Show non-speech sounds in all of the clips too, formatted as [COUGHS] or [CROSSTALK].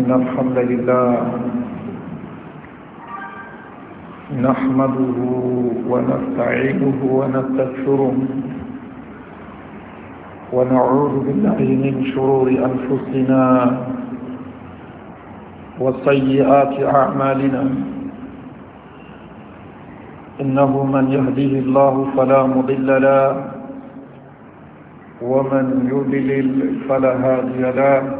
إن الحمد لله نحمده ونستعينه ونستغفره ونعوذ بالله من شرور أنفسنا وسيئات أعمالنا إنه من يهديه الله فلا مضل له ومن يضلل فلا هادي له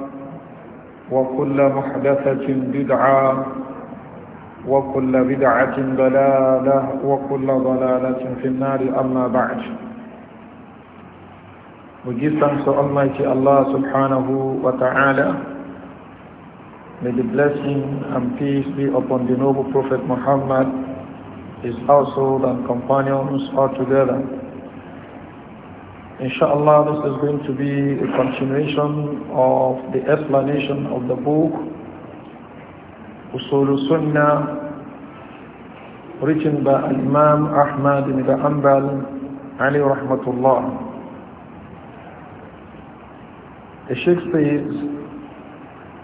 وكل محدثة بدعة وكل بدعة ضلالة وكل ضلالة في النار أما بعد We give thanks to Almighty Allah subhanahu wa ta'ala. May the blessing and peace be upon the noble Prophet Muhammad, his household and companions all together. Inshallah, this is going to be a continuation of the explanation of the book Usul Sunnah written by Imam Ahmad ibn Hanbal Ali rahmatullah. The Sheikh says,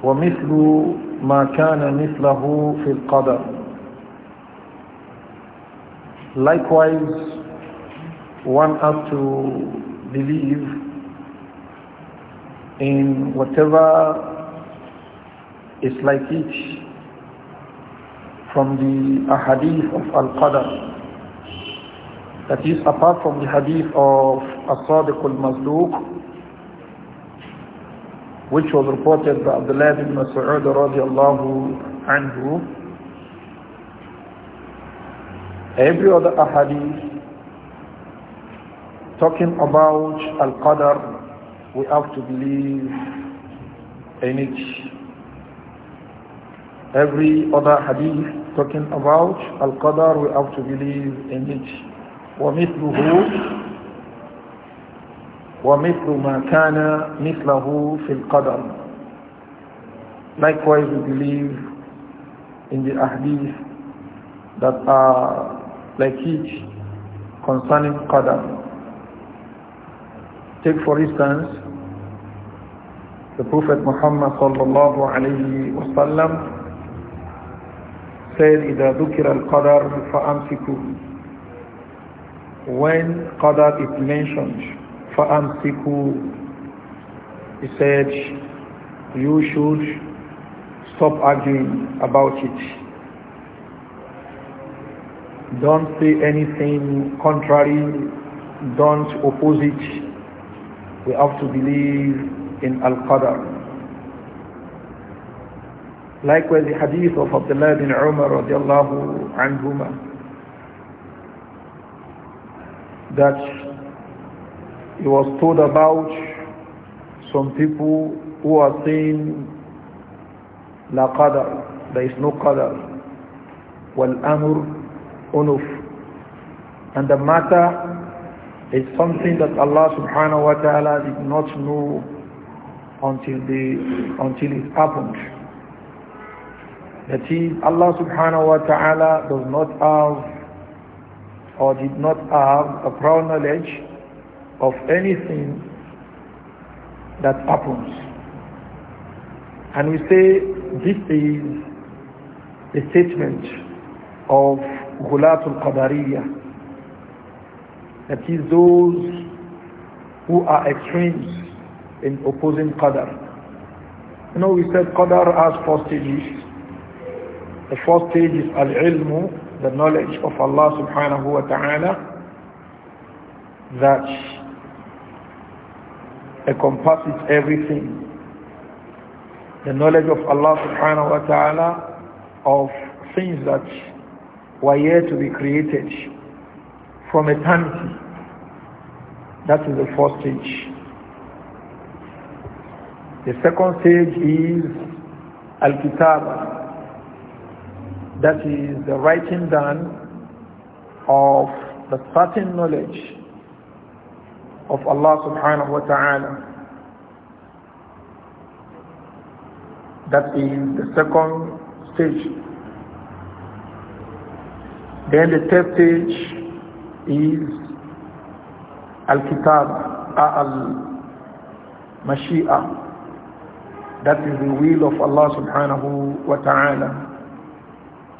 وَمِثْلُ مَا كَانَ مِثْلَهُ فِي الْقَدَرِ Likewise, one has to believe in whatever is like it from the hadith of Al-Qadr. That is apart from the hadith of As-Sadiq al-Mazduq, which was reported by Abdullah bin Mas'ud radiallahu anhu. Every other hadith talking about Al-Qadr, we have to believe in it. Every other hadith talking about Al-Qadr, we have to believe in it. ومثله ومثل ما كان مثله في القدر Likewise we believe in the ahadith that are like it concerning Qadr. Take for instance, the Prophet Muhammad sallallahu alayhi wasallam said, إِذَا al الْقَدَرُ fa'amsiku." When qadar is mentioned, fa'amsiku, He said, you should stop arguing about it don't say anything contrary, don't oppose it. We have to believe in Al-Qadr. Likewise, the hadith of Abdullah bin Umar radiallahu anhuma that he was told about some people who are saying La Qadr, there is no Qadr, Wal Amr Unuf. And the matter it's something that Allah subhanahu wa ta'ala did not know until the until it happened. That is, Allah subhanahu wa ta'ala does not have or did not have a prior knowledge of anything that happens. And we say this is a statement of Ghulatul Qadariyah that is those who are extremes in opposing Qadar. You know, we said Qadar has four stages. The first stage is Al-Ilmu, the knowledge of Allah subhanahu wa ta'ala, that encompasses everything. The knowledge of Allah subhanahu wa ta'ala of things that were yet to be created from eternity. That is the first stage. The second stage is Al-Kitab. That is the writing down of the certain knowledge of Allah subhanahu wa ta'ala. That is the second stage. Then the third stage is Al-Kitab, Al-Mashi'ah. Mashiyah, is the will of Allah subhanahu wa ta'ala.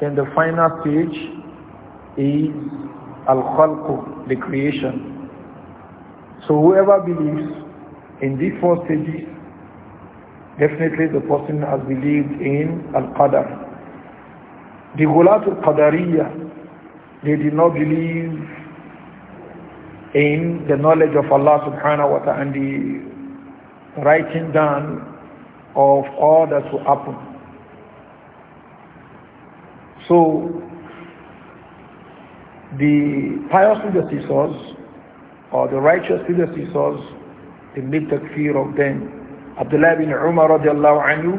Then the final stage is Al-Khalq, the creation. So whoever believes in these four stages, definitely the person has believed in Al-Qadr. The Ghulat al-Qadariyah, they did not believe in the knowledge of Allah subhanahu wa ta'ala and the writing down of all that will happen. So the pious predecessors or the righteous predecessors, they made takfir of them. Abdullah bin Umar radiallahu anhu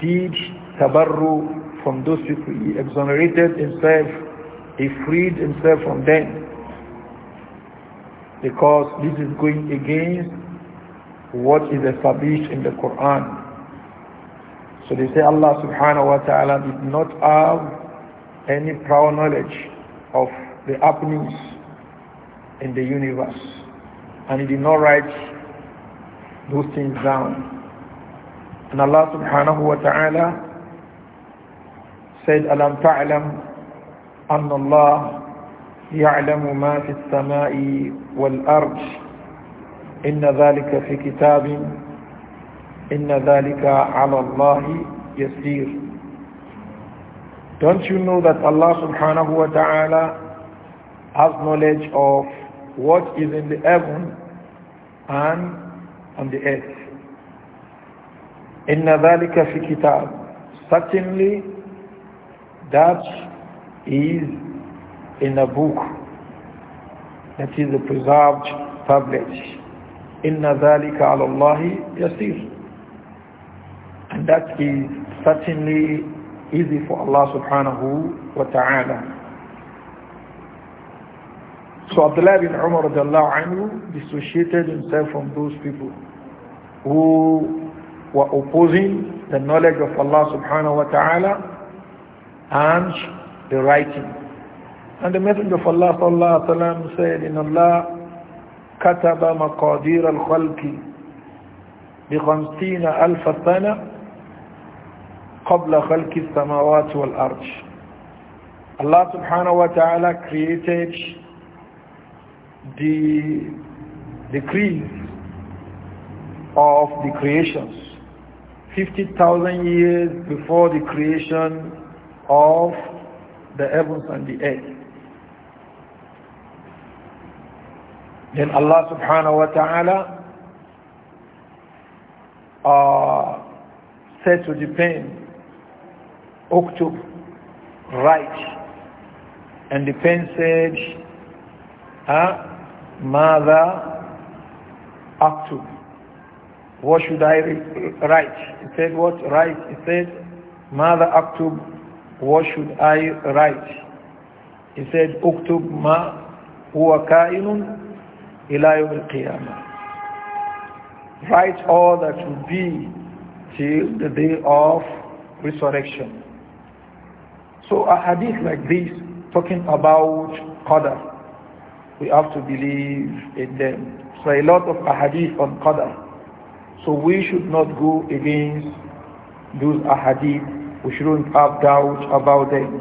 did tabarru from those people. He exonerated himself, he freed himself from them because this is going against what is established in the Quran. So they say Allah subhanahu wa ta'ala did not have any prior knowledge of the happenings in the universe. And he did not write those things down. And Allah subhanahu wa ta'ala said, "Alam تَعْلَمْ أَنَّ يعلم ما في السماء والأرض إن ذلك في كتاب إن ذلك على الله يسير Don't you know that Allah subhanahu wa ta'ala has knowledge of what is in the heaven and on the earth? إن ذلك في كتاب Certainly that is in a book that is preserved tablet inna dhalika ala allahi yasir and that is certainly easy for Allah subhanahu wa ta'ala so Abdullah bin Umar anhu dissociated himself from those people who were opposing the knowledge of Allah subhanahu wa ta'ala and the writing and the Messenger of Allah sallallahu alaihi wasallam said, "In Allah, kataba maqadir al-khalqi bi khamsina alf sana qabla khalqi as-samawati wal-ard." Allah subhanahu wa ta'ala created the decrees of the creations 50,000 years before the creation of the heavens and the earth. Then Allah subhanahu wa ta'ala uh, said to the pen, Uktub, write. And the pen said, huh? Mother, Uktub. What should I write? He said, what? Write. He said, Mother, Uktub, what should I write? He said, Uktub ma huwa kainun ila yawm al-qiyamah write all that will be till the day of resurrection so a hadith like this talking about qadar we have to believe in them so a lot of ahadith on qadar so we should not go against those ahadith we shouldn't have doubt about them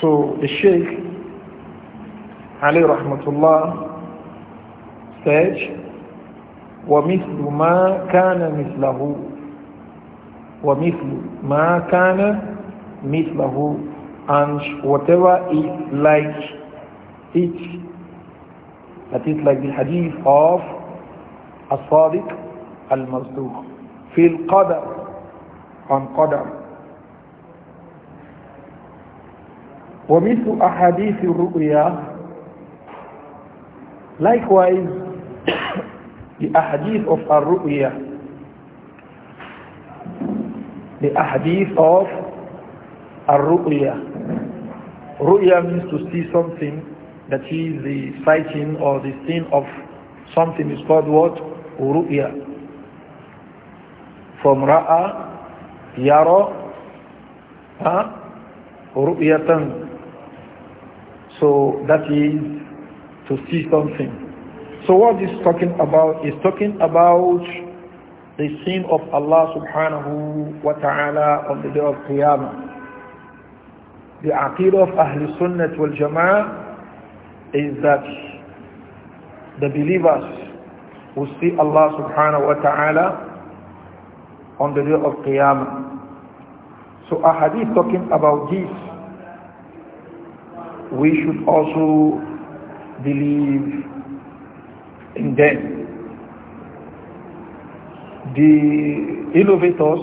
so the sheikh Ali Rahmatullah stage ومثل ما كان مثله ومثل ما كان مثله and whatever is like it that is like the hadith of الصادق المصدوق في القدر عن قدر ومثل أحاديث الرؤيا likewise the ahadith of Ar-Ru'ya. The ahadith of Ar-Ru'ya. Ru'ya means to see something that is the sighting or the seeing of something is called what? Ru'ya. From Ra'a, Yara, huh? Ru'yatan. So that is to see something. So what is talking about is talking about the sin of Allah subhanahu wa ta'ala on the day of Qiyamah. The aqidah of Ahlul Sunnah wal Jama'ah is that the believers will see Allah subhanahu wa ta'ala on the day of Qiyamah. So a hadith talking about this, we should also believe in them. The innovators,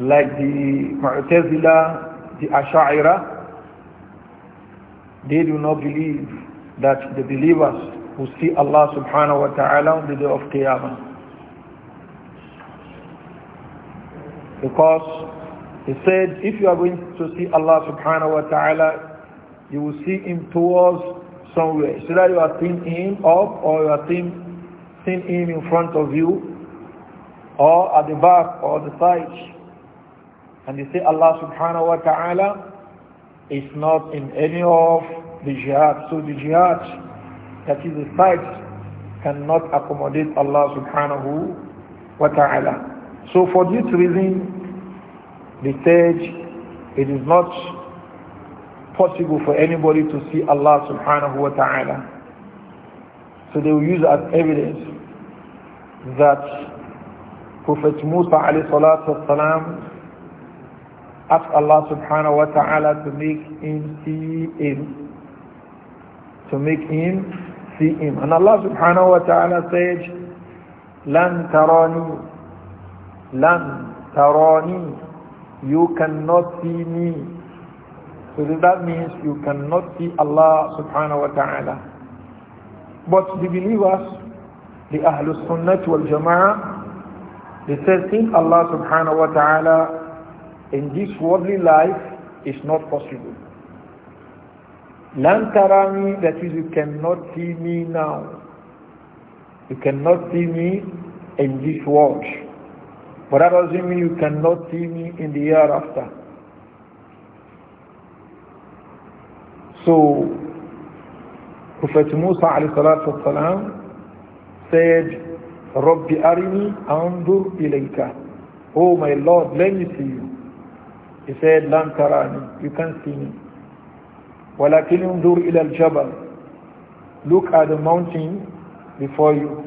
like the Mu'tazila, the Ash'ira, they do not believe that the believers will see Allah subhanahu wa ta'ala on the day of Qiyamah. Because he said, if you are going to see Allah subhanahu wa ta'ala, you will see him towards somewhere. So that you are seeing him up or you are seeing, seeing him in front of you or at the back or the side. And you say Allah subhanahu wa ta'ala is not in any of the jihad. So the jihad, that is the side, cannot accommodate Allah subhanahu wa ta'ala. So for this reason, the stage, it is not possible for anybody to see Allah subhanahu wa ta'ala. So they will use as evidence that Prophet Musa alayhi salatu asked Allah subhanahu wa ta'ala to make him see him. To make him see him. And Allah subhanahu wa ta'ala said, "Lan tarani, lan tarani, You cannot see me. So that means you cannot see Allah subhanahu wa ta'ala. But the believers, the Ahlul Sunnah wal Jama'ah, they say seeing Allah subhanahu wa ta'ala in this worldly life is not possible. Lan that is you cannot see me now. You cannot see me in this world. But that doesn't mean you cannot see me in the hereafter. So Prophet Musa والسلام, said, Rabbi arini andur ilayka. Oh my Lord, let me see you. He said, "Lam tarani, you can't see me. ولكن انظر إلى الجبل. Look at the mountain before you.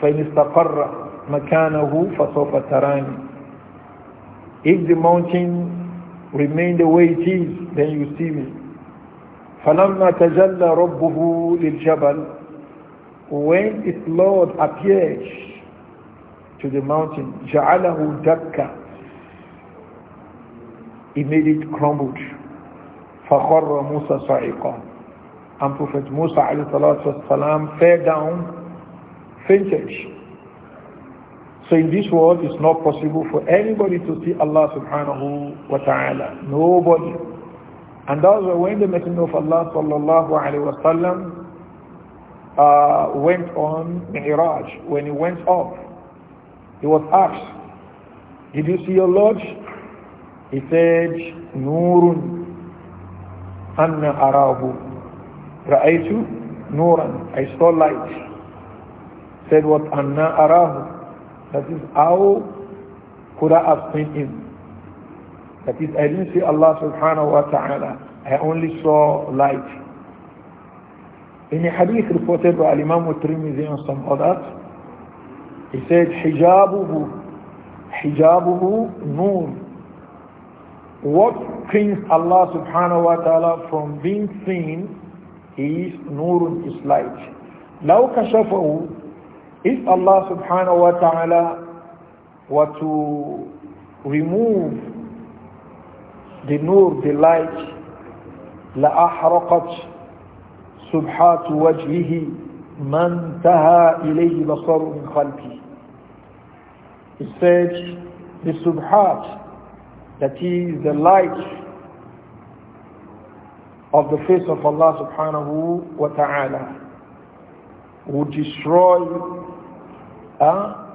فإن استقر مكانه فسوف تراني. If the mountain remain the way it is, then you see me. فَلَمَّا تَجَلَّى رَبُّهُ لِلْجَبَلِ When its Lord appeared to the mountain, جَعَلَهُ دكا He made it crumbled. فَخَرَّ مُوسَى صعيقا And Prophet Musa والسلام, fell down, fainted. So in this world, it's not possible for anybody to see Allah subhanahu wa ta'ala. Nobody. And those were when the Messenger of Allah sallallahu alayhi wa uh, went on Mi'raj, when he went off, he was asked, did you see your Lord? He said, Nurun anna arahu. Ra'aytu Nuran. I saw light. Said what anna arahu. That is how could I have seen him? That is, I didn't see Allah subhanahu wa ta'ala. I only saw light. In a hadith reported by Imam al-Tirmidhi and some others, he said, hijabuhu, hijabuhu nur. What brings Allah subhanahu wa ta'ala from being seen is nurun, is light. لو كشفه if Allah subhanahu wa ta'ala were to remove the nur, the light, لأحرقت سبحات وجهه من انتهى إليه بصر من خلقه He said, the subhat, that is the light of the face of Allah subhanahu wa ta'ala, would destroy uh,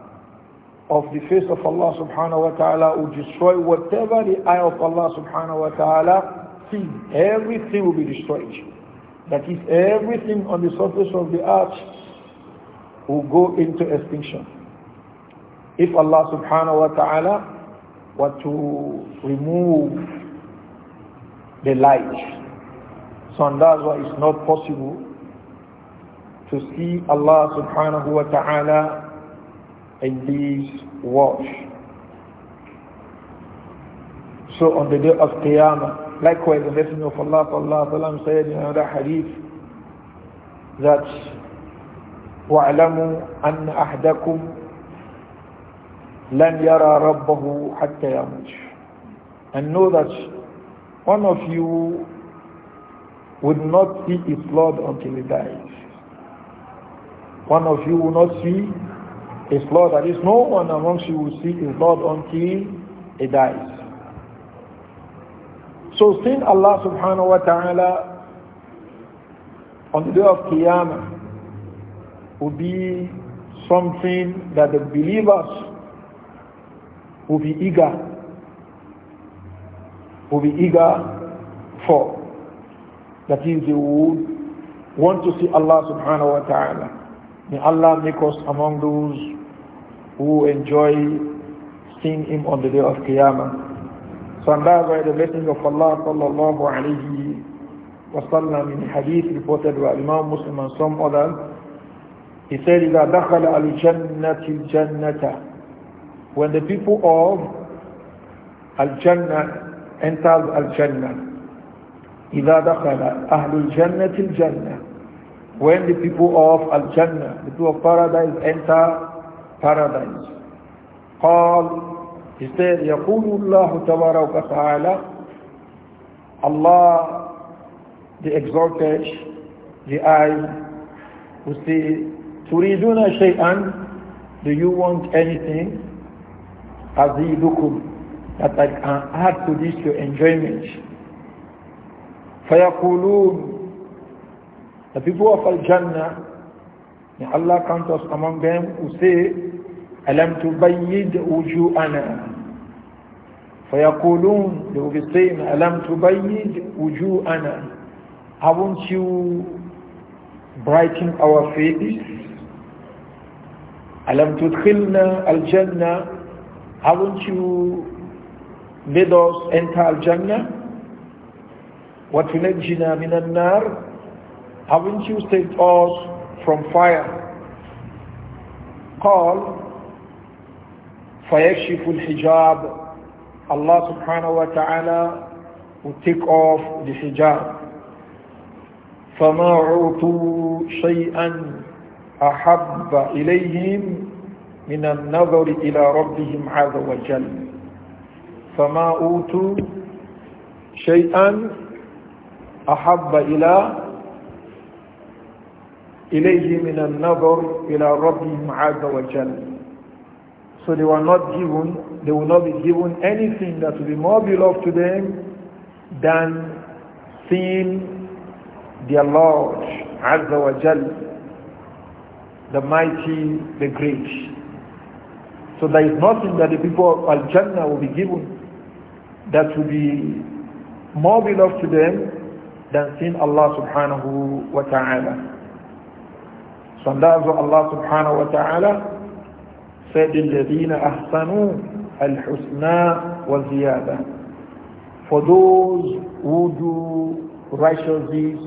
of the face of Allah subhanahu wa ta'ala will destroy whatever the eye of Allah subhanahu wa ta'ala sees. Everything will be destroyed. That is, everything on the surface of the earth will go into extinction. If Allah subhanahu wa ta'ala were to remove the light, so that's why it's not possible to see Allah subhanahu wa ta'ala in these watch. So on the day of Qiyamah, likewise the Messenger of Allah Allah said in another hadith that وَاعْلَمُوا أَنَّ أَحْدَكُمْ لَنْ يَرَى رَبَّهُ حَتَّى يَمُوتُ And know that one of you would not see his Lord until he dies. One of you will not see his blood. That is, no one amongst you will see his blood until he dies. So seeing Allah subhanahu wa ta'ala on the day of Qiyamah will be something that the believers will be eager, will be eager for. That is, they would want to see Allah subhanahu wa ta'ala. May Allah make us among those who enjoy seeing him on the day of Qiyamah. So and that's why the blessing of Allah sallallahu alayhi wa sallam in hadith reported by Imam Muslim and some others, he said, إِذَا دَخَلَ الْجَنَّةِ الْجَنَّةَ When the people of Al-Jannah enters Al-Jannah, إذا دخل أهل الجنة الجنة when the people of al jannah enter al jannah اذا دخل اهل الجنة الجنة when the people of al jannah the people of paradise enter paradise. قال he said يقول الله تبارك وتعالى Allah the exalted the eye who say تريدون شيئا do you want anything أزيدكم that I can add to this your enjoyment فيقولون the people of Al-Jannah May Allah count us among them who say, أَلَمْ تُبَيِّدْ وُجُوءَنَا فَيَقُولُونَ They will be saying, bayid uju ana." وُجُوءَنَا Haven't you brightened our faces? أَلَمْ Jannah? الْجَنَّةِ Haven't you made us enter al-Jannah? وَتُنَجِّنَا مِنَ النَّارِ Haven't you saved us from fire قال فيكشف الحجاب Allah subhanahu wa will take off the hijab فما عطوا شيئا أحب إليهم من النظر إلى ربهم عز وجل فما أوتوا شيئا أحب إلى إليه من النظر إلى ربهم عز وجل So they were not given, they will not be given anything that will be more beloved to them than seeing their Lord Azza the mighty, the great. So there is nothing that the people of Al-Jannah will be given that will be more beloved to them than seeing Allah subhanahu wa ta'ala. صندازو الله سبحانه وتعالى سيد الَّذِينَ أَحْسَنُوا الْحُسْنَى والزيادة For those who do righteous deeds,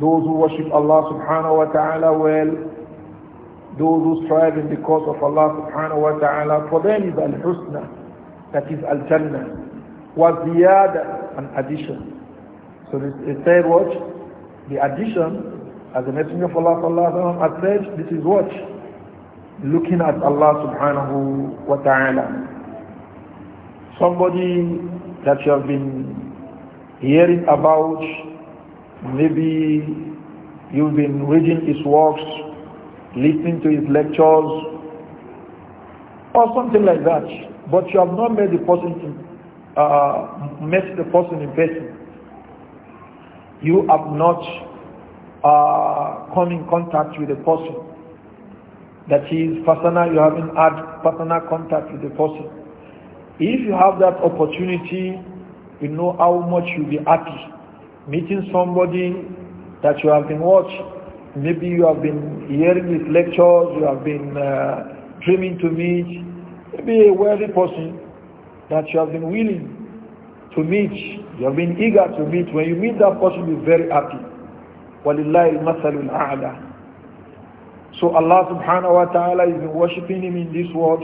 those who worship Allah subhanahu wa ta'ala well, those who strive in the cause of Allah subhanahu wa ta'ala, for them is al-husna, that is al-jannah, wa ziyada, an addition. So this is third watch The addition As the Messenger of Allah sallallahu said, this is what? Looking at Allah subhanahu wa ta'ala. Somebody that you have been hearing about, maybe you've been reading his works, listening to his lectures, or something like that. But you have not met the person, uh, met the person in person. You have not uh, come in contact with a person. That is personal, you haven't had personal contact with the person. If you have that opportunity, you know how much you'll be happy. Meeting somebody that you have been watching, maybe you have been hearing his lectures, you have been uh, dreaming to meet, maybe a worthy person that you have been willing to meet, you have been eager to meet. When you meet that person, you'll be very happy. So Allah subhanahu wa ta'ala is worshipping him in this world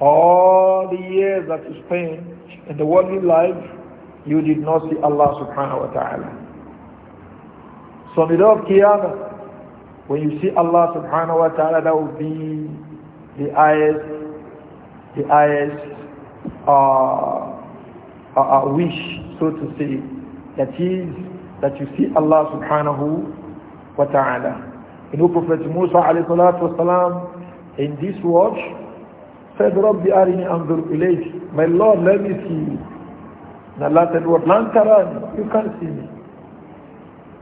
all the years that you spent in the worldly life, you did not see Allah subhanahu wa ta'ala. So in the day of Qiyamah, when you see Allah subhanahu wa ta'ala, that will be the highest, the eyes uh, uh, uh, wish, so to say. That is that you see Allah subhanahu wa ta'ala. You know Prophet Musa alayhi salatu wasalam in this watch said Rabbi arini anzur ilayhi My Lord let me see you. And Allah said what? Lan You can't see me.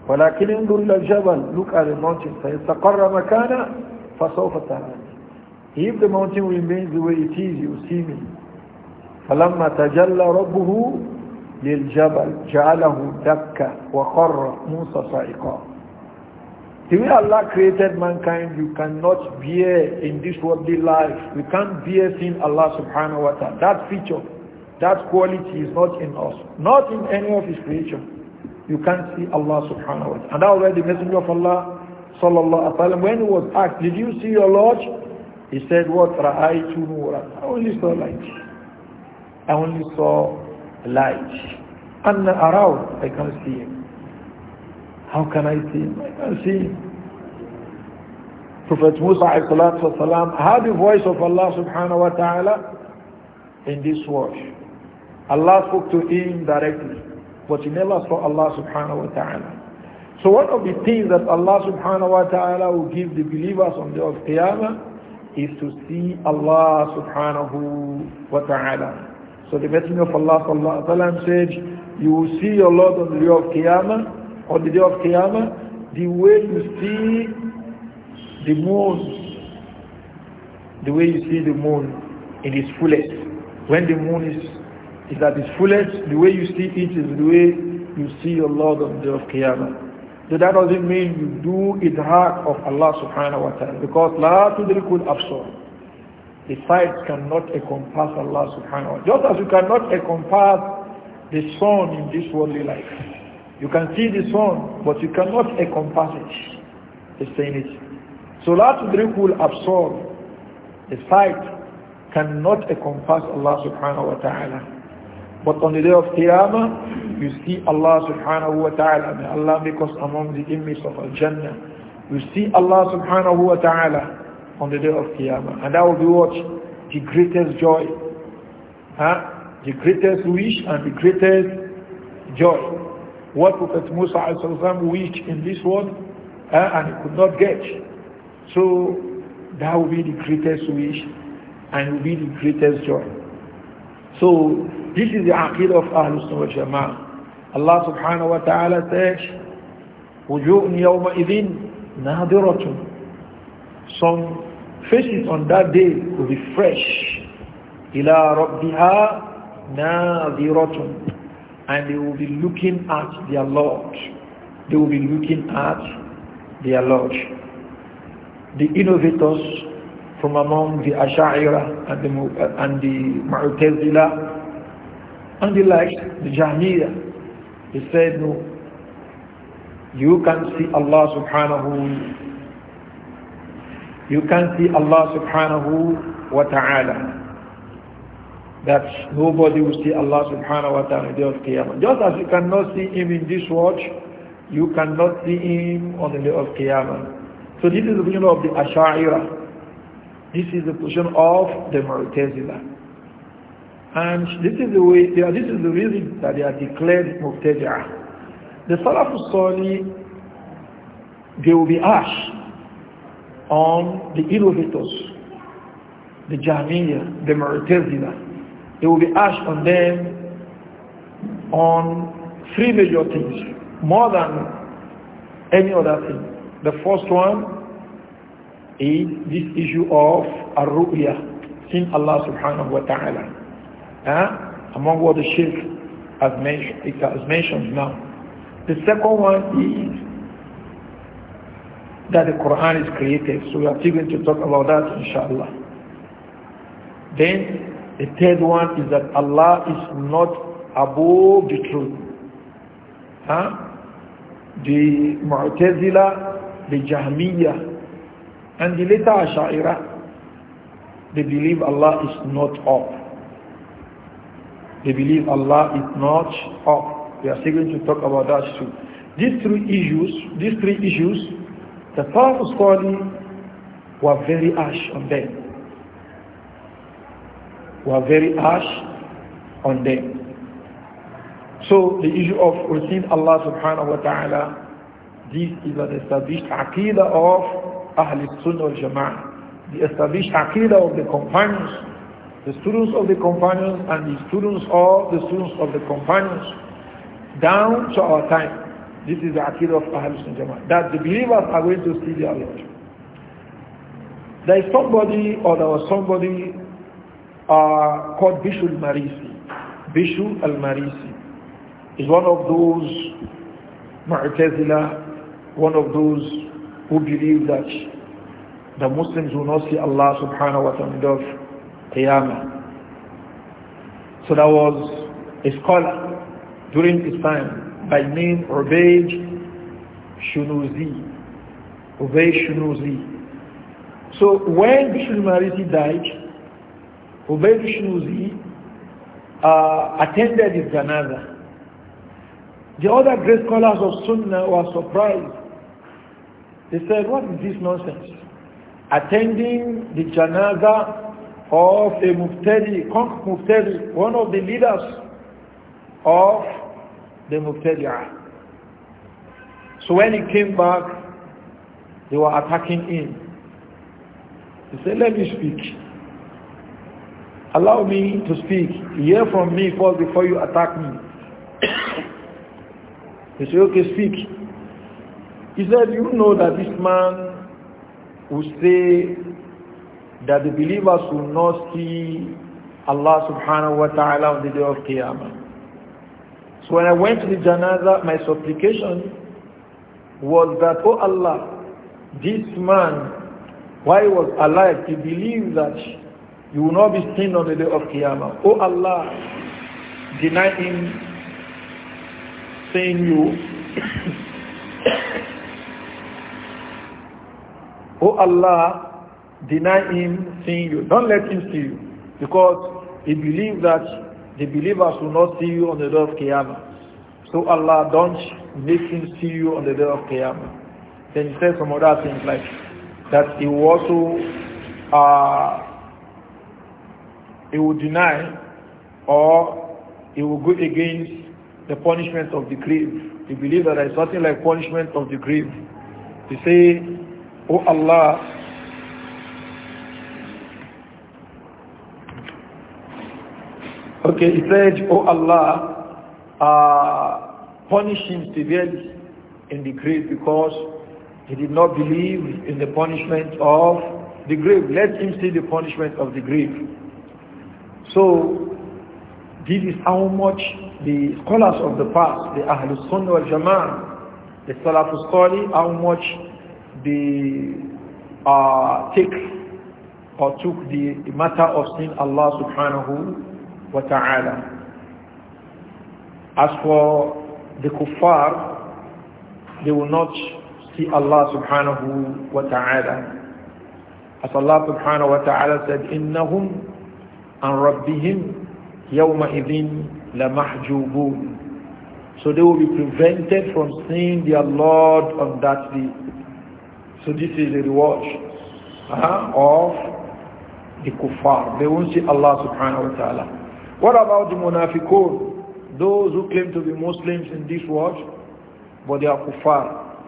ولكن انظر إلى الجبل. Look at the mountain. فيستقر مكانه فسوف تراني. If the mountain remains the way it is, you see me. فلما تجلى ربه للجبل جعله دكا وقر موسى صائقا The way Allah created mankind, you cannot bear in this worldly life. You can't bear sin Allah subhanahu wa ta'ala. That feature, that quality is not in us. Not in any of His creation. You can't see Allah subhanahu wa ta'ala. And already the Messenger of Allah sallallahu alayhi wa sallam, when he was asked, did you see your Lord? He said, what? Ra'aytu nuran. I only saw light. I only saw light. And around, I can't see him. How can I see him? I can't see him. Prophet Musa والسلام, had the voice of Allah subhanahu wa ta'ala in this world. Allah spoke to him directly, but he never saw Allah subhanahu wa ta'ala. So one of the things that Allah subhanahu wa ta'ala will give the believers on the day of Qiyamah is to see Allah subhanahu wa ta'ala. So the Messenger of Allah sallallahu alayhi said, you will see your Lord on the day of Qiyamah, on the day of Qiyamah, the way you see the moon, the way you see the moon in its fullest. When the moon is, is at its fullest, the way you see it is the way you see your Lord on the day of Qiyamah. So that doesn't mean you do idhaq of Allah subhanahu wa ta'ala because la tudrikul absar. The sight cannot encompass Allah subhanahu wa ta'ala. Just as you cannot encompass the sun in this worldly life. You can see the sun, but you cannot encompass it. He's saying it. So that drink will absorb. The sight cannot encompass Allah subhanahu wa ta'ala. But on the day of Qiyamah, you see Allah subhanahu wa ta'ala. May Allah make us among the inmates of Al-Jannah. You see Allah subhanahu wa ta'ala on the day of Qiyamah. And that will be what? The greatest joy. Huh? The greatest wish and the greatest joy. What Prophet Musa wished in this world huh? and he could not get. So that will be the greatest wish and will be the greatest joy. So this is the Akhirah of Ahlul Sunnah wal Jama'ah. Allah subhanahu wa ta'ala says, وجوء يومئذ نادرة some faces on that day will be fresh. Ila Rabbiha Nadiratun. And they will be looking at their Lord. They will be looking at their Lord. The innovators from among the Ash'ira and the, and the and the like, the Jahmiya, they said, no, you can see Allah subhanahu you can see Allah subhanahu wa ta'ala. That nobody will see Allah subhanahu wa ta'ala day of Qiyamah. Just as you cannot see him in this watch, you cannot see him on the day of Qiyamah. So this is the position of the Asha'ira. This is the position of the Mu'tazila. And this is the way, are, this is the reason that they are declared Mu'tazila. The Salafus Sali they will be ash on the innovators, the Jahmiyyah, the Mu'tazila. It will be ash on them on three major things, more than any other thing. The first one is this issue of arruya in Allah subhanahu wa ta'ala. Huh? Among what the Sheikh has mentioned, has mentioned now. The second one is that the Quran is created. So we are still going to talk about that inshallah. Then the third one is that Allah is not above the truth. Huh? The Mu'tazila, the Jahmiya, and the later Asha'ira, they believe Allah is not up. They believe Allah is not up. We are still going to talk about that too. These three issues, these three issues the powerful Salih were very harsh on them. Were very harsh on them. So the issue of receiving Allah subhanahu wa ta'ala, this is an established aqidah of Ahlul Sunnah al Jama'ah. The established aqidah of the companions, the students of the companions and the students of the students of the companions down to our time. This is the akira of Ahl That the believers are going to see their Lord. There is somebody or there was somebody uh, called Bishu al-Marisi. Bishu al-Marisi is one of those Mu'tazila, one of those who believe that the Muslims will not see Allah subhanahu wa ta'ala of Qiyamah. So there was a scholar during his time by name Ubayd Shunuzi. Ubayd Shunuzi. So when Bishul Shunuzi died, Ubayd Shunuzi uh, attended his janaza. The other great scholars of Sunnah were surprised. They said, what is this nonsense? Attending the janaza of a mufti, Konk one of the leaders of the you. So when he came back, they were attacking him. He said, let me speak. Allow me to speak. Hear from me first before you attack me. [COUGHS] he said, okay, speak. He said, you know that this man will say that the believers will not see Allah subhanahu wa ta'ala on the day of Qiyamah. So when I went to the janaza, my supplication was that, oh Allah, this man, while he was alive, he believed that you will not be seen on the day of Qiyamah. Oh Allah, deny him seeing you. [COUGHS] oh Allah, deny him seeing you. Don't let him see you. Because he believed that the believers will not see you on the day of Qiyamah. So Allah don't make him see you on the day of Qiyamah. Then he says some other things like that he will also uh, he will deny or he will go against the punishment of the grave. He believes that there is like punishment of the grave. He say, Oh Allah, Okay, he said, "O oh Allah, uh, punish him severely in the grave because he did not believe in the punishment of the grave. Let him see the punishment of the grave. So, this is how much the scholars of the past, the Ahlul Sunnah wal Jama'ah, the Salafus Salih, how much they uh, take or took the matter of seeing Allah subhanahu wa ta'ala. As for the kuffar, they will not see Allah subhanahu wa ta'ala. As Allah subhanahu wa ta'ala said, "Innahum Rabbihim عَنْ رَبِّهِمْ يَوْمَئِذٍ لَمَحْجُوبُونَ so they will be prevented from seeing their Lord on that day. So this is the reward uh, of the kuffar. They won't see Allah subhanahu wa ta'ala. What about the munafiqun? Those who claim to be Muslims in this world, but they are kuffar.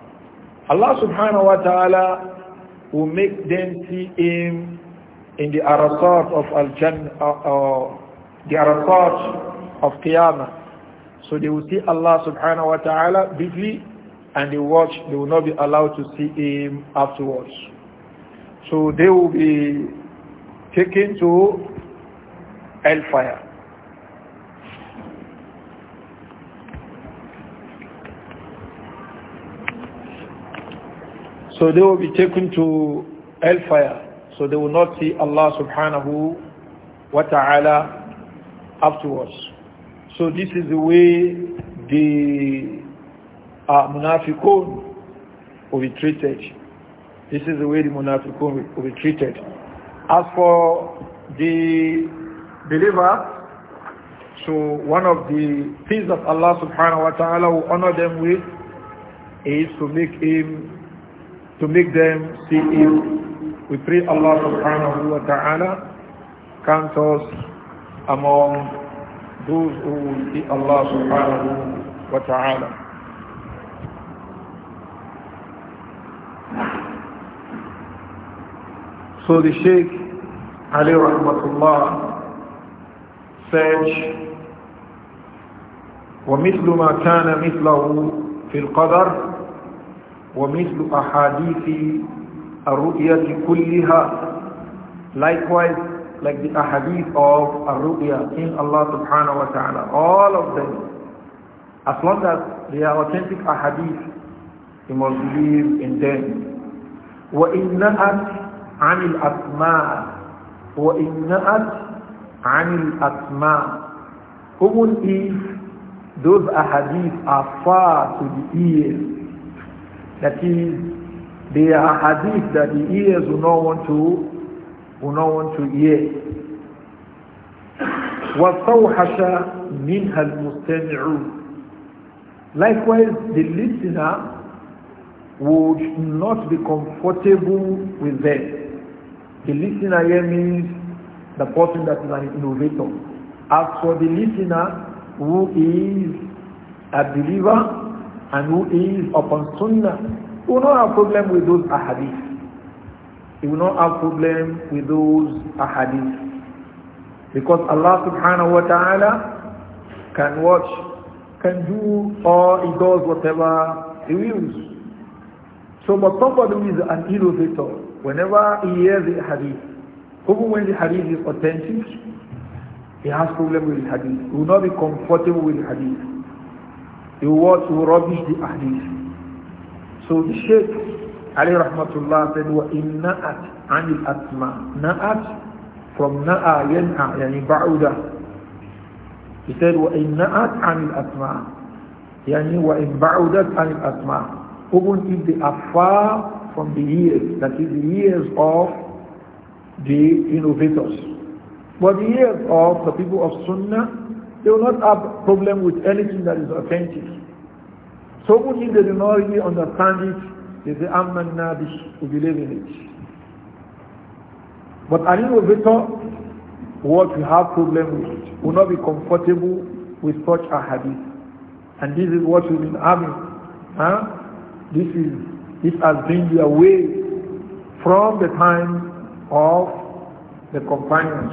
Allah subhanahu wa ta'ala will make them see him in the arasat of al-jannah, uh, uh, the of qiyamah. So they will see Allah subhanahu wa ta'ala briefly and they watch, they will not be allowed to see him afterwards. So they will be taken to hellfire. So they will be taken to hellfire. So they will not see Allah subhanahu wa ta'ala afterwards. So this is the way the uh, munafiqun will be treated. This is the way the munafiqun will be treated. As for the believer, so one of the things that Allah subhanahu wa ta'ala will honor them with is to make him to make them see it. We pray Allah subhanahu wa ta'ala count us among those who will see Allah subhanahu wa ta'ala. So the Sheikh Ali rahmatullah said ومثل ما كان مثله في القدر ومثل أحاديث الرؤية كلها likewise like the ahadith of الرؤيا in Allah subhanahu wa ta'ala all of them as long as they are authentic ahadith you must believe in them وإن نأت عن الأسماء وإن نأت عن الأسماء even if those ahadith are far to the ears that is, they are hadith that the ears will not want to will not want to hear. وَالْصَوْحَشَ مِنْهَا الْمُسْتَمِعُ Likewise, the listener would not be comfortable with them. The listener here means the person that is an innovator. As for the listener who is a believer, and who is upon sunnah will not have problem with those ahadith. He will not have problem with those ahadith. Because Allah subhanahu wa ta'ala can watch, can do or he does whatever he wills. So but somebody who is an innovator, whenever he hears a hadith, even when the hadith is authentic, he has problem with the hadith. He will not be comfortable with the hadith. the word to rubbish the hadith. So the Sheikh Ali Rahmatullah said, وَإِنْ نَأَتْ عَنِ الْأَسْمَى نَأَتْ from نَأَ يَنْأَ يعني بعودة He said, وَإِنْ نَأَتْ عَنِ الْأَسْمَى يعني وَإِنْ بعودت عَنِ الْأَسْمَى Even if they are far from the years, that is the years of the innovators. But the years of the people of Sunnah They will not have problem with anything that is authentic. So much they do not really understand it, they say, I'm not to believe in it. But an innovator, what we have problem with, will not be comfortable with such a hadith. And this is what we've been having. Huh? This is this has been the way from the time of the companions,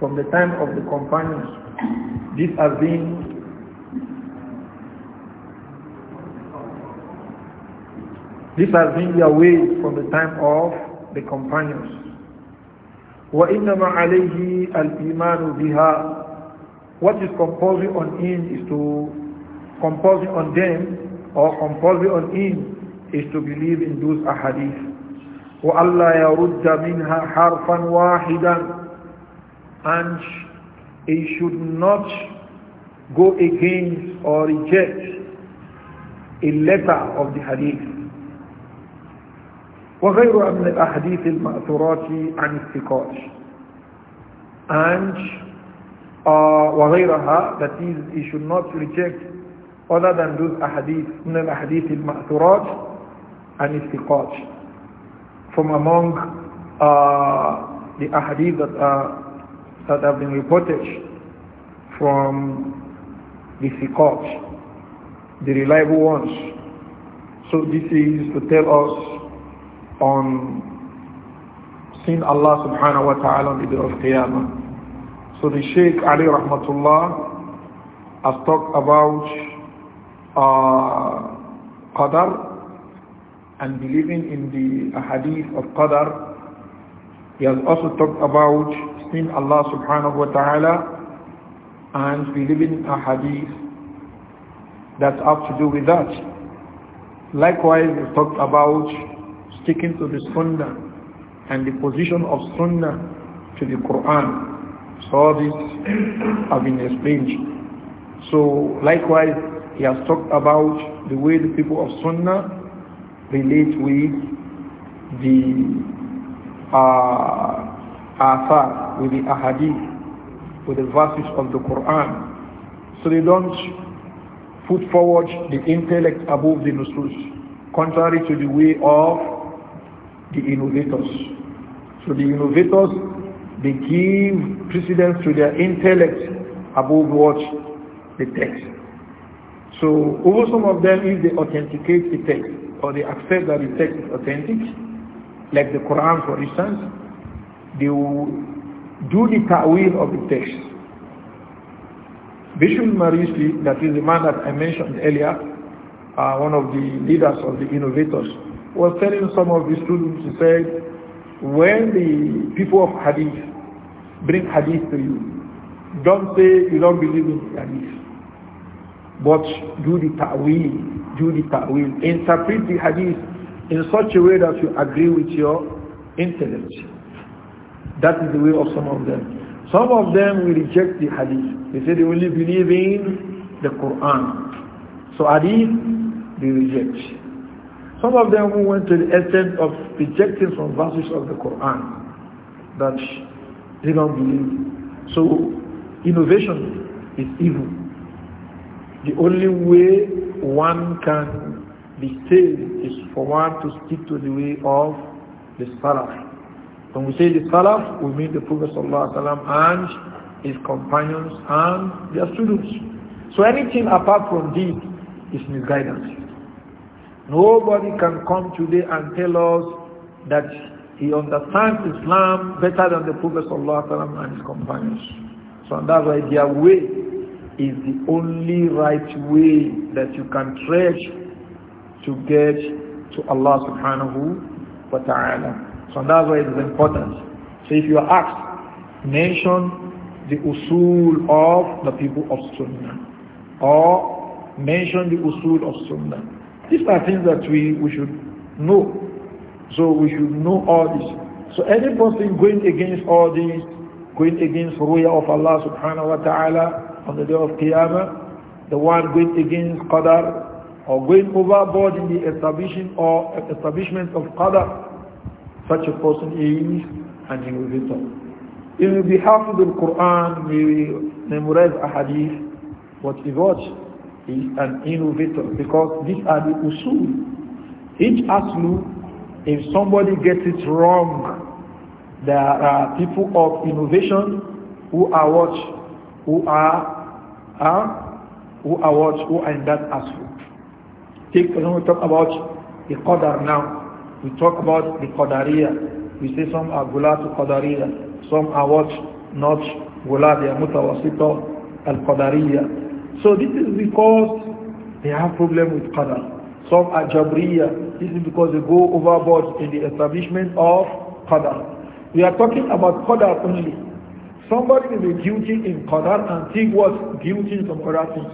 from the time of the companions. This has been This has been their way from the time of the companions. وَإِنَّمَا عَلَيْهِ الْإِيمَانُ بِهَا What is compulsory on him is to compulsory on them or compulsory on him is to believe in those ahadith. Wa وَأَلَّا يَرُدَّ minha harfan وَاحِدًا And he should not go against or reject a letter of the hadith. وغير من الأحاديث المأثورات عن الثقات and uh, وغيرها that is he should not reject other than those أحاديث من الأحاديث المأثورات عن الثقات from among uh, the أحاديث that are that have been reported from the Sikot, the reliable ones. So this is to tell us on seeing Allah subhanahu wa ta'ala on the day of Qiyamah. So the Sheikh Ali Rahmatullah has talked about uh, Qadar and believing in the hadith of Qadar. He has also talked about in Allah subhanahu wa ta'ala and believing a hadith that have to do with that. Likewise, we talked about sticking to the sunnah and the position of sunnah to the Quran. So all this have been explained. So likewise, he has talked about the way the people of Sunnah relate with the uh, athar, with the ahadith, with the verses of the Quran. So they don't put forward the intellect above the nusus, contrary to the way of the innovators. So the innovators, they give precedence to their intellect above what the text. So over some of them, if they authenticate the text, or they accept that the text is authentic, like the Quran for instance, they will do the ta'wil of the text. Bishop Mariusli, that is the man that I mentioned earlier, uh, one of the leaders of the innovators, was telling some of the students, he said, when the people of Hadith bring Hadith to you, don't say you don't believe in Hadith, but do the ta'wil, do the ta'wil, interpret the Hadith in such a way that you agree with your intelligence." That is the way of some of them. Some of them will reject the hadith. They say they only believe in the Quran. So hadith, they reject. Some of them who went to the extent of rejecting some verses of the Quran that they don't believe. So innovation is evil. The only way one can be saved is for one to stick to the way of the Salaf when we say the Salaf, we mean the Prophet and his companions and their students. So anything apart from this is misguidance. Nobody can come today and tell us that he understands Islam better than the Prophet and his companions. So that's why their way is the only right way that you can tread to get to Allah subhanahu wa ta'ala. So that's why it is important. So if you are asked, mention the usul of the people of Sunnah or mention the usul of Sunnah. These are things that we, we should know. So we should know all this. So any person going against all these, going against Ruya of Allah subhanahu wa ta'ala on the day of Qiyamah, the one going against Qadar, or going overboard in the establishing or establishment of Qadar, such a person is an innovator. He will be half of the Quran, we memorize a hadith, What he what is an innovator because these are the usul. Each aslu, if somebody gets it wrong, there are people of innovation who are what? Who are, uh, who are what? Who are in that aslu. Take, when we talk about the qadar now, we talk about the Qadariya. We say some are Gulatu Qadariya. Some are what? Not Gulat, they are Mutawasita Al-Qadariya. So this is because they have problem with Qadar. Some are Jabriya. This is because they go overboard in the establishment of Qadar. We are talking about Qadar only. Somebody is a guilty in Qadar and think was guilty in some other things.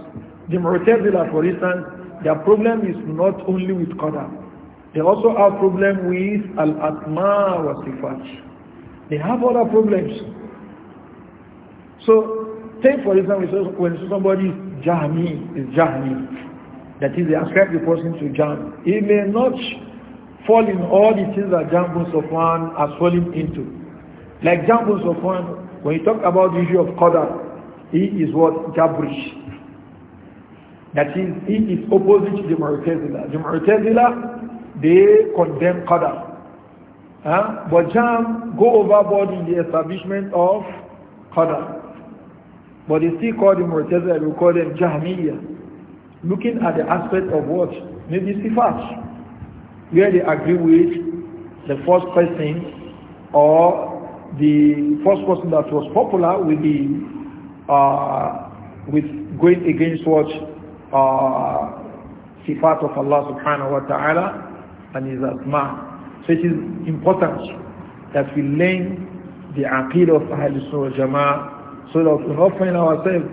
The Mu'tazila, for instance, their problem is not only with Qadar. They also have problem with al-atma wa sifat. They have other problems. So, take for example, when somebody is Jahmi, is Jahmi, that is, they ascribe the person to Jam. He may not fall in all the things that Jambus of one has fallen into. Like Jambus of one, when you talk about the issue of Qadar, he is what? Jabrish. That is, he is opposite to the Mu'tazila. The Mu'tazila they condemn qadar. Huh? But jam go overboard in the establishment of qadar. But they still call them Mu'tazila, we call them jahmiya. Looking at the aspect of what? Maybe sifat. Where they agree with the first person or the first person that was popular with the uh, with going against what uh, sifat of Allah subhanahu wa ta'ala and his asma. So it is important that we learn the appeal of Ahl Sunnah Jamaa, so that we not find ourselves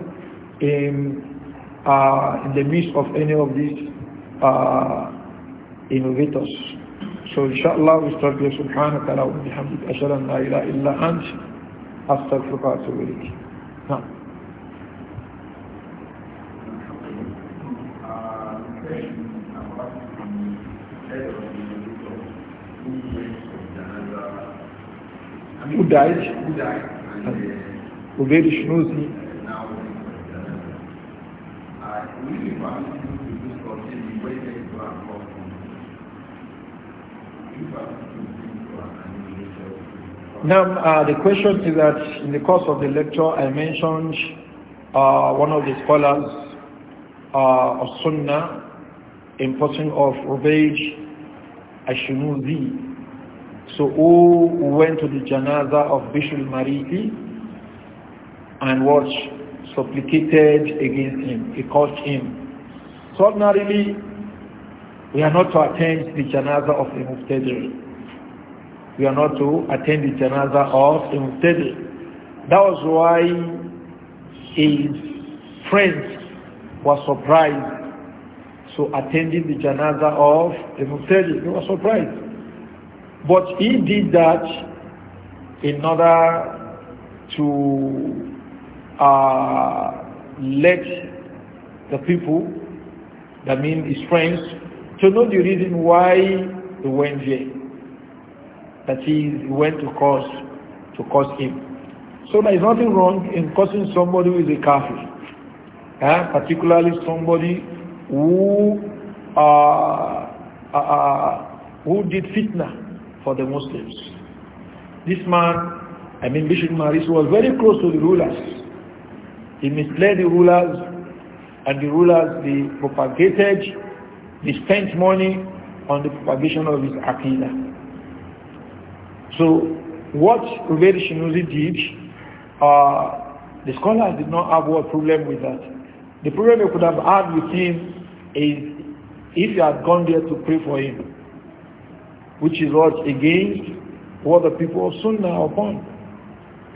in, uh, in the midst of any of these uh, innovators. So inshallah we start with Subhanaka wa bihamdik. Ashhadu an la ilaha illa Anta Astaghfiruka wa atubu ilayk. Now. Who died? Who Now, uh, the question is that in the course of the lecture, I mentioned uh, one of the scholars uh, of Sunnah in person of Ubaid Ashnuzi so who went to the janaza of Bishul Mariti and what supplicated against him, he cursed him. So ordinarily, we are not to attend the janaza of a We are not to attend the janaza of a That was why his friends were surprised. So attending the janaza of a they were surprised. But he did that in order to uh, let the people, that means his friends, to know the reason why he went there. That he went to cause, to cause him. So there is nothing wrong in causing somebody with a kafir. Eh? Particularly somebody who uh, uh, uh who did fitna for the Muslims. This man, I mean Bishop Maris, was very close to the rulers. He misled the rulers, and the rulers, they propagated, they spent money on the propagation of his Aqidah. So what Ubaid Shinuzi did, uh, the scholars did not have a problem with that. The problem they could have had with him is if you had gone there to pray for him, which is what against what the people of Sunnah are upon.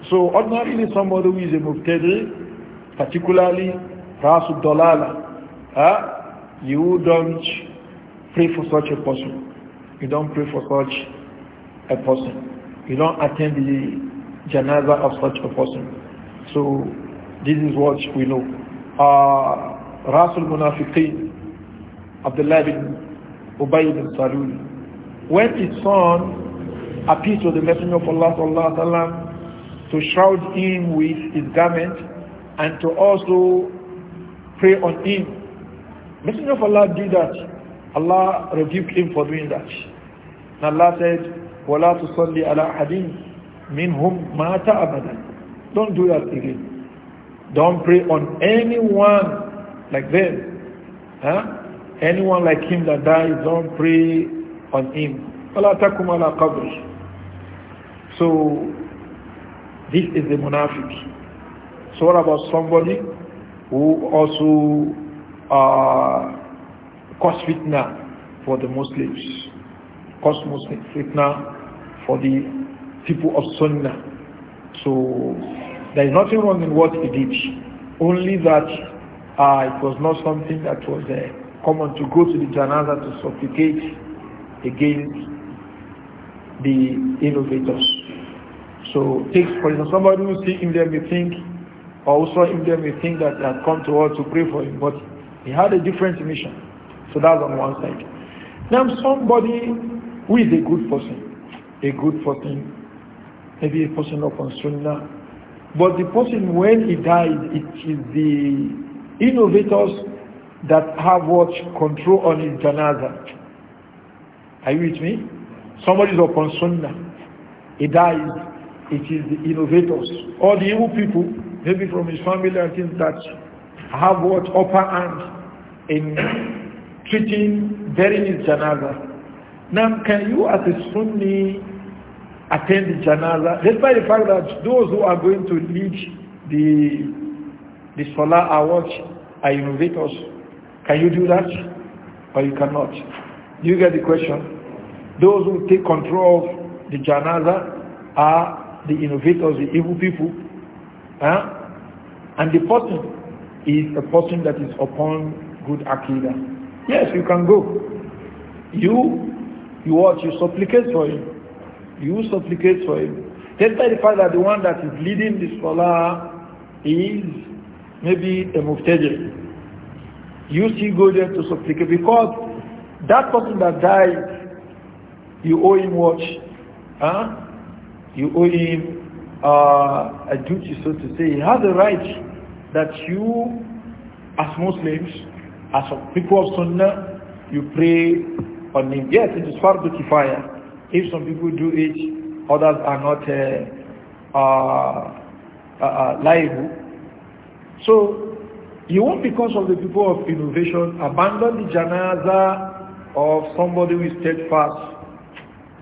So ordinarily somebody who is a Muqtadi, particularly Rasul Dalala, huh? you don't pray for such a person. You don't pray for such a person. You don't attend the janaza of such a person. So this is what we know. Uh, Rasul Abdullah bin Ubay bin Salul, when his son appeared to the Messenger of Allah sallallahu wasallam, to shroud him with his garment and to also pray on him. Messenger of Allah did that. Allah rebuked him for doing that. And Allah said, "Wala تصل ala عَلَىٰ minhum mata abadan." أَبَدًا Don't do that again. Don't pray on anyone like them. Huh? Anyone like him that dies, don't pray on him. Allah ala qabri. So this is the munafiq. So what about somebody who also uh, cause fitna for the Muslims, caused Muslim fitna for the people of Sunnah. So there is nothing wrong in what he did, only that uh, it was not something that was uh, common to go to the janaza to supplicate against the innovators. So take for example somebody who see him there may think or also him there may think that they had come to us to pray for him, but he had a different mission. So that's on one side. Now somebody who is a good person, a good person, maybe a person of Sunnah, but the person when he died, it is the innovators that have what control on his janaza. Are you with me? Somebody is upon Sunnah. He dies. It is the innovators. All the evil people, maybe from his family and things that have what upper hand in treating, burying his janaza. Now, can you as a Sunni attend the janaza? Despite the fact that those who are going to lead the, the Salah are what? Are innovators. Can you do that? Or you cannot? Do you get the question? Those who take control of the janaza are the innovators, the evil people. Huh? And the person is a person that is upon good akida. Yes, you can go. You, you what? You supplicate for him. You supplicate for him. Despite the fact that the one that is leading the scholar is maybe a muftajir. You still go there to supplicate because that person that died you owe him what? Huh? You owe him uh, a duty, so to say. He has a right that you, as Muslims, as people of Sunnah, you pray on him. Yes, it is far kifaya. If some people do it, others are not uh uh, uh, uh, liable. So, you won't, because of the people of innovation, abandon the janaza of somebody who is steadfast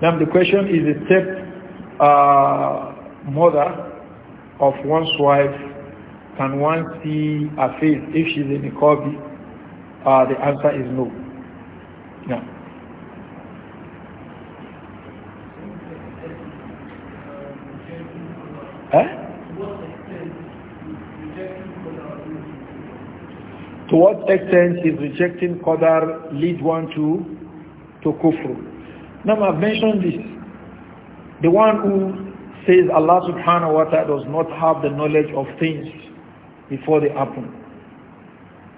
Now the question is the step uh, mother of one's wife can one see her face if she's in a copy? Uh, the answer is no. No. Eh? To what extent is rejecting Qadar lead one to to kufr? Now I've mentioned this. The one who says Allah subhanahu wa ta'ala does not have the knowledge of things before they happen.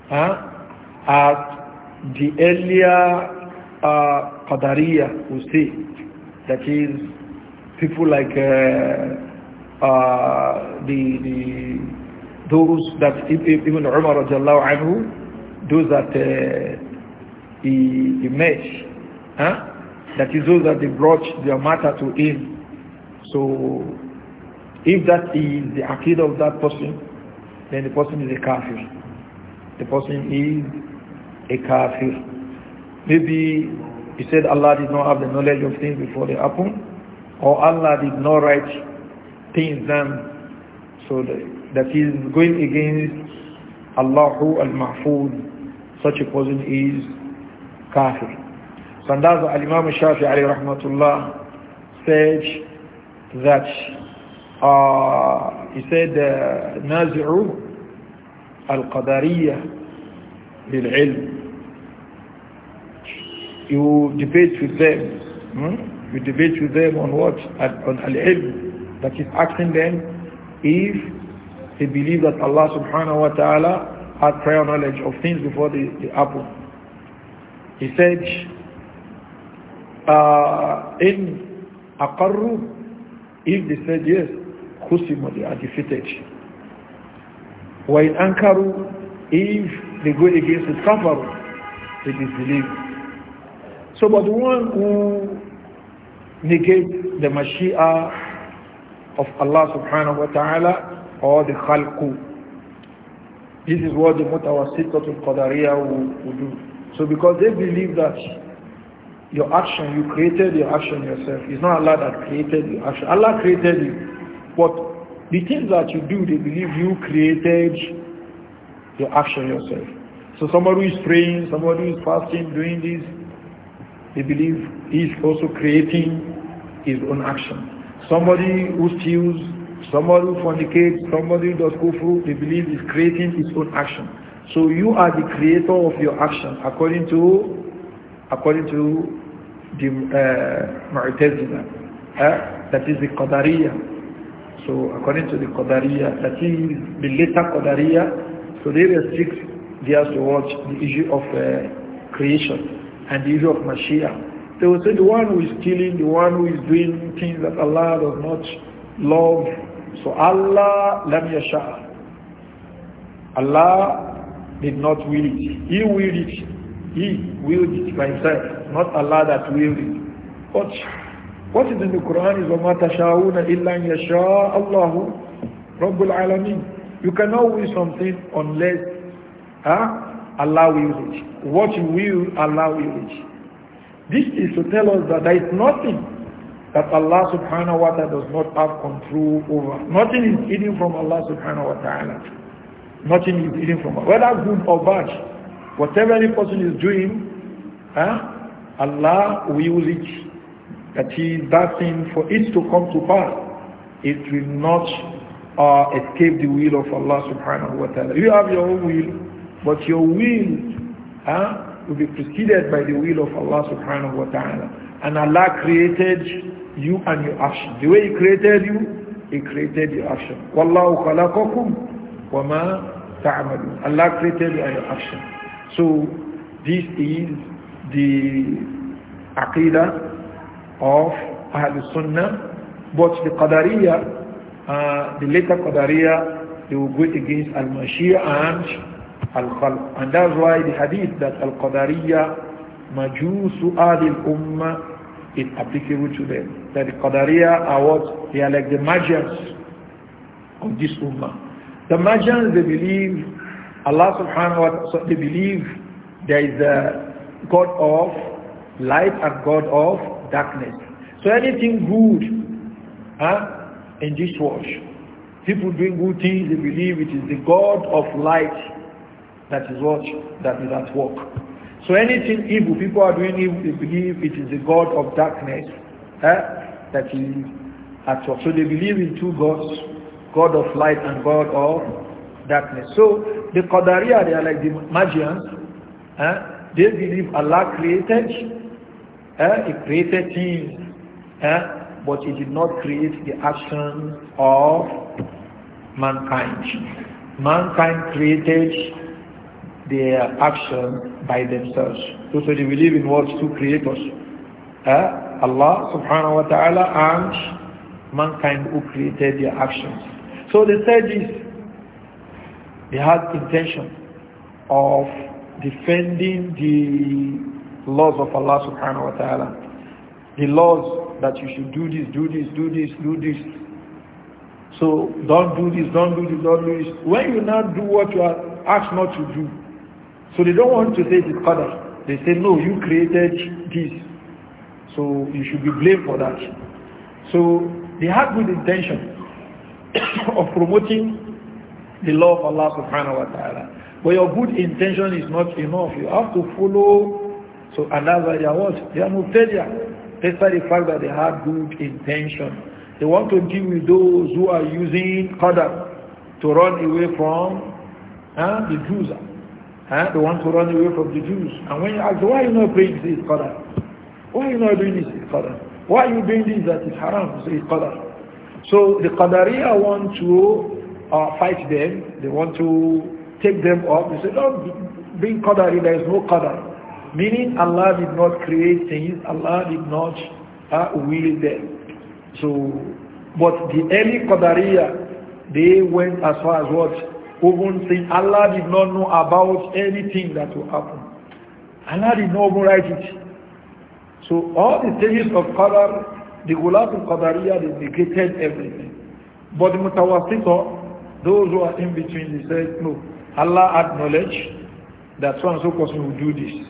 Huh? As the earlier uh, Qadariya will say, that is people like uh, uh, the, the those that even Umar radiallahu anhu, those that uh, he, he met, huh? That is those that they brought their matter to him. So if that is the akid of that person, then the person is a kafir. The person is a kafir. Maybe he said Allah did not have the knowledge of things before they happen, or Allah did not write things down. So that is going against Allahu al-Mahfud. Such a person is kafir. And that's what Imam Shafi Ali Rahmatullah said that uh, he said uh, Al-Qadariya للعلم you debate with them hmm? you debate with them on what on al-ilm that is asking them if they believe that Allah subhanahu wa ta'ala had prior knowledge of things before the they he said uh, in Akarru, if they said yes, Khusima, are defeated. While in Ankaru, if they go against the Kafaru, they disbelieve. So, but the one who negates the Mashiach of Allah subhanahu wa ta'ala or the Khalqu, this is what the Mutawassiqatul Qadariyah will, will do. So because they believe that your action. You created your action yourself. It's not Allah that created your action. Allah created you. But the things that you do, they believe you created your action yourself. So somebody who is praying, somebody who is fasting, doing this, they believe he is also creating his own action. Somebody who steals, somebody who fornicates, somebody who does kufru, they believe is creating his own action. So you are the creator of your action according to according to the uh, Mu'tazila, uh, that is the Qadariya. So according to the Qadariya, that is the later Qadariya, so they restrict theirs to watch the issue of uh, creation and the issue of Mashiach. They will say the one who is killing, the one who is doing things that Allah does not love. So Allah lam yasha. Allah did not will it. He willed it. He willed it by himself, not Allah that willed it. But what is in the Quran is وَمَا تَشَاءُونَ إِلَّا يَشَاءَ اللَّهُ رَبُّ الْعَالَمِينَ You cannot will something unless huh, Allah wills it. What you will, Allah will it. This is to tell us that there is nothing that Allah subhanahu wa ta'ala does not have control over. Nothing is hidden from Allah subhanahu wa ta'ala. Nothing is hidden from Allah. Whether good or bad, Whatever any person is doing, huh, Allah will use it. That is that thing for it to come to pass. It will not uh, escape the will of Allah subhanahu wa ta'ala. You have your own will, but your will huh, will be preceded by the will of Allah subhanahu wa ta'ala. And Allah created you and your action. The way He created you, He created your action. وَاللَّهُ wa ma تَعْمَلُونَ Allah created you and your action. So this is the aqidah of Ahlul Sunnah, but the Qadariya, uh, the later Qadariya, they will go against Al-Mashia and Al-Khalq. And that's why the hadith that Al-Qadariya, Majusu Adil Ummah, is applicable to them. That the Qadariya are what? They are like the Magians of this Ummah. The Magians, they believe Allah subhanahu wa ta'ala, so they believe there is a God of light and God of darkness. So anything good huh, in this world, people doing good things, they believe it is the God of light that is what that is at work. So anything evil, people are doing evil, they believe it is the God of darkness huh, that is at work. So they believe in two gods, God of light and God of darkness. So the Qadariya, they are like the Magians. Eh? They believe Allah created, eh? He created things, eh? but He did not create the actions of mankind. Mankind created their action by themselves. So, so they believe in what? Two creators. Eh? Allah subhanahu wa ta'ala and mankind who created their actions. So they said this they had intention of defending the laws of Allah subhanahu wa ta'ala. The laws that you should do this, do this, do this, do this. So don't do this, don't do this, don't do this. When you not do what you are asked not to do, so they don't want to say the father. They say, no, you created this. So you should be blamed for that. So they had good intention [COUGHS] of promoting the law of Allah subhanahu wa ta'ala. But your good intention is not enough. You have to follow. So another they are what? They you, Despite the fact that they have good intention. They want to deal with those who are using qadar to run away from huh, the Jews. Huh? They want to run away from the Jews. And when you ask, why are you not praying this qadar? Why are you not doing this qadar? Why are you doing this that is haram? Say qadar. So the qadariya want to uh, fight them, they want to take them up. They say, don't bring qadari, there is no qadar. Meaning Allah did not create things, Allah did not uh, will them. So, but the early qadariya, they went as far as what? Even saying Allah did not know about anything that will happen. Allah did not write it. So all the stages of qadar, the gulat al-qadariya, they negated everything. But the mutawassita, those who are in between, he said, no, Allah acknowledged that so and so person will do this.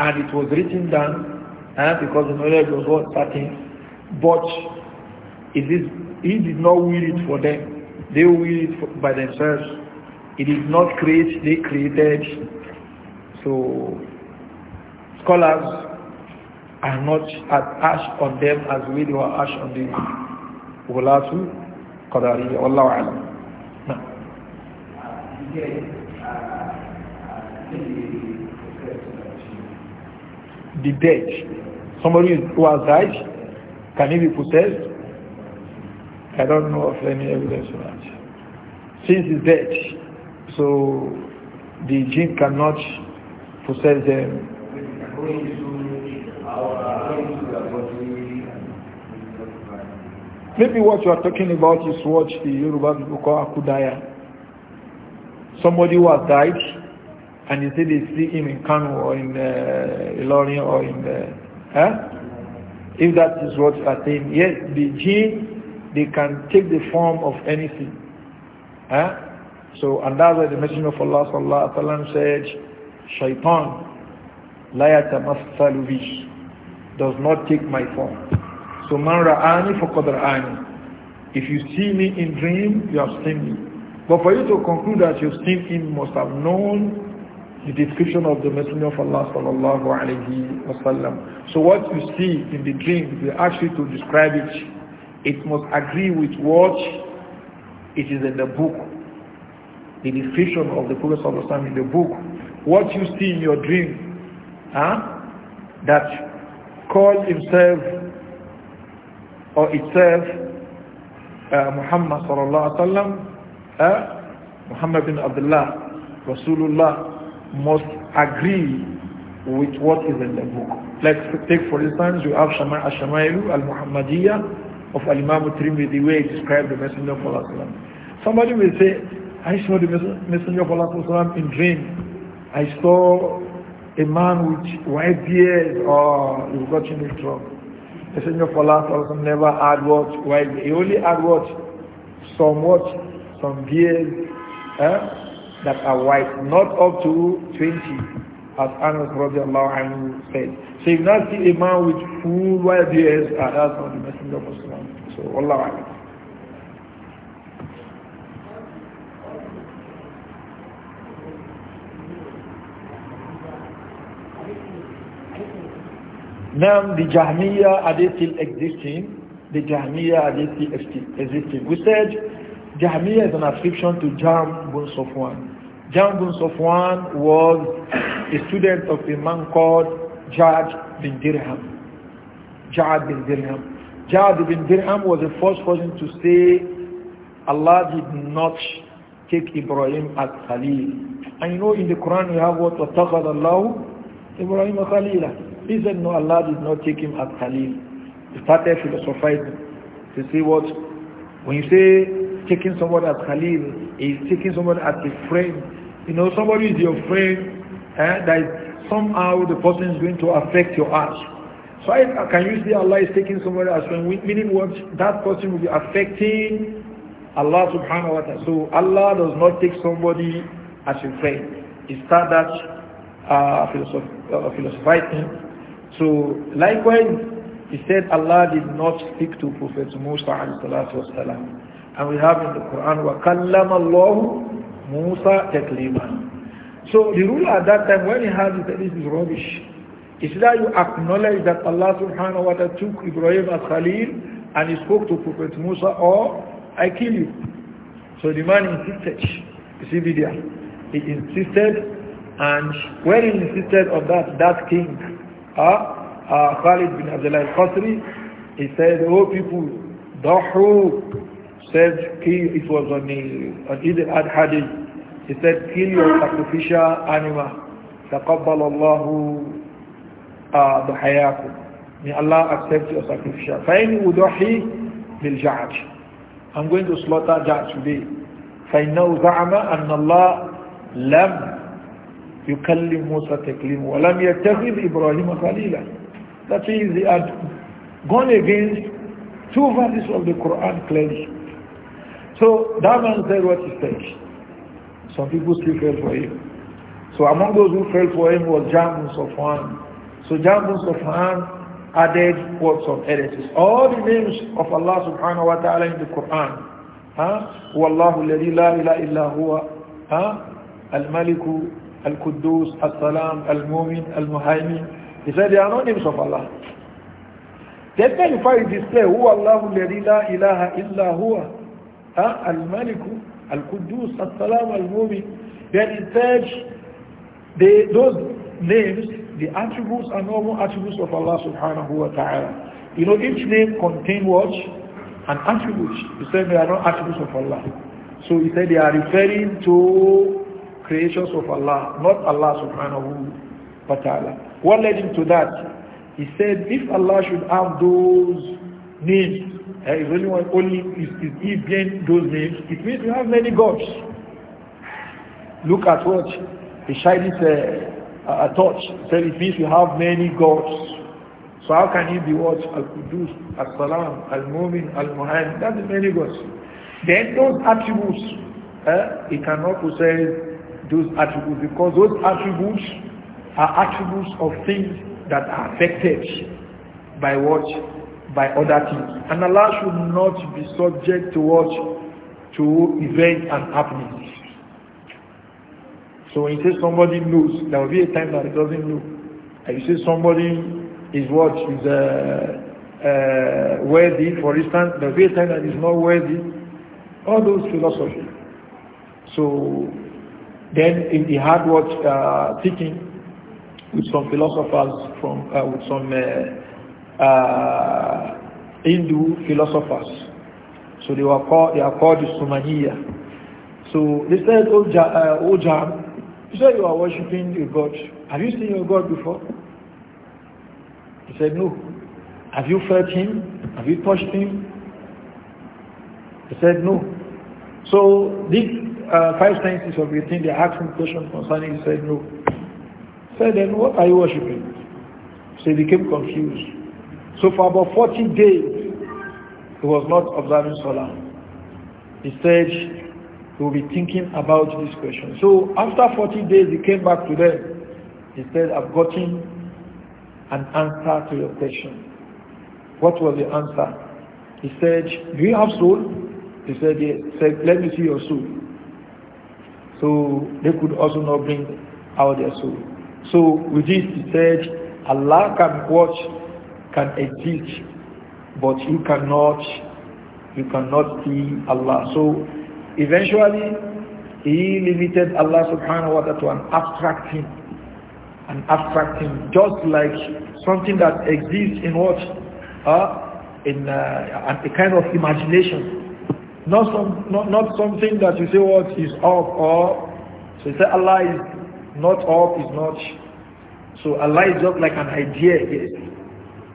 And it was written down eh, because the knowledge was what certain. But it is, he did not will it for them. They will it for, by themselves. It is not create, they created. So scholars are not as ash on them as we were ash on the Ulatu Qadariya. Allah Alam the dead. Somebody who has died, can he be possessed? I don't know of any evidence for that. Since he's dead, so the jinn cannot possess them. Maybe what you are talking about is what the Yoruba people call akudaya somebody who has died and you say they see him in Kanu or in uh, Ilorin or in uh, eh? if that is what I think, yes the they can take the form of anything eh? so and that's why the messenger of Allah sallallahu alaihi wasallam said shaitan la yatamassalu does not take my form so man ra'ani faqad ra'ani if you see me in dream you have seen me but for you to conclude that you've seen him must have known the description of the Messenger of Allah sallallahu alayhi wasallam. So what you see in the dream, if you ask you to describe it, it must agree with what it is in the book, the description of the Prophet sallallahu alayhi in the book. What you see in your dream, huh, that call himself or itself uh, Muhammad sallallahu alayhi wasallam, uh, Muhammad bin Abdullah, Rasulullah must agree with what is in the book. Let's take for instance, you have Shama Ashamayu al muhammadiyya of Al-Imam Trimidi where he described the Messenger of Allah. Somebody will say, I saw the Messenger of Allah in dream. I saw a man with white beard or ah, you got in his trouble. Messenger of Allah never had what? White beard. He only had what? Somewhat some beers eh, that are white, not up to 20, as Anas radiallahu anhu said. So if not see a man with full white beers, ah, that's not the messenger of Islam. So Allah Alam. Now the Jahmiyyah are they still existing? The Jahmiyyah are they still existing? We said Jahmiyyah is an ascription to Jam bin Safwan. Jam bin was a student of a man called Ja'ad bin Dirham. Ja'ad bin Dirham. Ja'ad bin Dirham was the first person to say Allah did not take Ibrahim as Khalil. And you know in the Quran we have what وَاتَّخَذَ اللَّهُ Ibrahim Khalil. He said no, Allah did not take him as Khalil. He started philosophizing to say what, when you say taking someone as Khalil, he's taking someone as his friend. You know, somebody is your friend eh, that somehow the person is going to affect your heart. So I, can you the Allah is taking somebody as friend? Meaning what? That person will be affecting Allah subhanahu wa ta'ala. So Allah does not take somebody as a friend. It's not that uh, uh, philosophizing. So likewise, he said Allah did not speak to Prophet Musa alayhi salatu wasalam. And we have in the Quran, وَكَلَّمَ اللَّهُ مُوسَى تَكْلِيمًا So the ruler at that time, when he heard it, this is rubbish. It's that you acknowledge that Allah subhanahu wa ta'ala took Ibrahim as Khalil and he spoke to Prophet Musa or I kill you. So the man insisted. You see video. He insisted and when he insisted on that, that king, uh, uh, Khalid bin Abdullah al-Qasri, he said, oh people, dahu said kill it was on the on Eid He said, kill your sacrificial animal. تقبل الله ضحاياكم. May Allah accept your sacrifice. فإن أضحي بالجعج. I'm going to slaughter جعج today. فإنه زعم أن الله لم يكلم موسى تكليما ولم يتخذ إبراهيم خليلا. That is, he had gone against two verses of the Quran clearly. So that man said what he said. Some people still fell for him. So among those who fell for him was Jambun Safwan. So Jambun Safwan added words of heretics. All the names of Allah subhanahu wa ta'ala in the Quran. Huh? Wallahu alladhi la ilaha illa huwa. Huh? Al-Maliku, Al-Quddus, Al-Salam, Al-Mumin, Al-Muhaymin. He said they are not names of Allah. They said if I display who Allahu alladhi la ilaha illa huwa huh? Al-Maliku, al kudus Al-Salam, Al-Mubi. Then in third, those names, the attributes are normal attributes of Allah subhanahu wa ta'ala. You know, each name contains what? An attribute. He said they are not attributes of Allah. So he said they are referring to creations of Allah, not Allah subhanahu wa ta'ala. What led him to that? He said if Allah should have those names, if only one, only is, is he being those names. It means you have many gods. Look at what the Shaibi uh, said, a torch said it means you have many gods. So how can he be what? Al-Qudus, Al-Salam, Al-Mumin, Al-Muhaim. That's many gods. Then those attributes, uh, he cannot possess those attributes because those attributes are attributes of things that are affected by what? by other things. And Allah should not be subject to what? To events and happenings. So when you say somebody knows, there will be a time that he doesn't know. And you say somebody is what? Is uh, uh, worthy, for instance, there will be a time that is not worthy. All those philosophies. So then in the hard work uh, teaching with some philosophers from uh, with some uh, uh, Hindu philosophers. So they were called, they are called the Sumaniya. So they said, "Oh, ja, uh, oh, Jam, you said you are worshipping your God. Have you seen your God before?" He said, "No." Have you felt him? Have you touched him? He said, "No." So these uh, five senses of your thing, they asked him questions concerning. He said, "No." He said, "Then what are you worshiping?" So he became confused. So for about 40 days, he was not observing Salah. He said he will be thinking about this question. So after 40 days, he came back to them. He said, I've gotten an answer to your question. What was the answer? He said, Do you have soul? He said, Yes. He said, Let me see your soul. So they could also not bring out their soul. So with this, he said, Allah can watch can exist, but you cannot, you cannot see Allah. So eventually, he limited Allah subhanahu wa ta'ala to an abstract thing, an abstract thing, just like something that exists in what, uh, in uh, a kind of imagination. Not, some, not, not something that you say what is up or, so you say Allah is not up, is not. So Allah is just like an idea.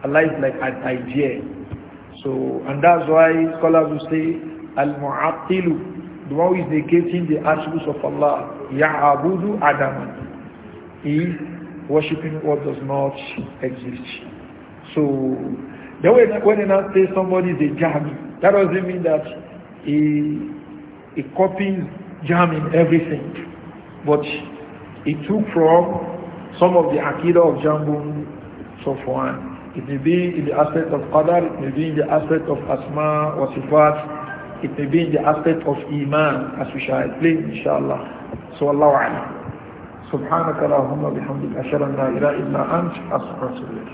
Allah like an idea. So, and that's why scholars will say, Al-Mu'attilu, the one who is negating the attributes of Allah, Ya'abudu Adaman. He worshipping what does not exist. So, then when, when I say somebody is a Jahmi, that doesn't mean that he, he copies Jam in everything. But he took from some of the akira of Jambun, so forth. It may be in the aspect of Qadar, it may be in the aspect of Asma or Sifat, it may be in the aspect of Iman, as we shall explain, inshallah. So Allah Subhanaka Allahumma bihamdik ashara la ilaha illa ant, as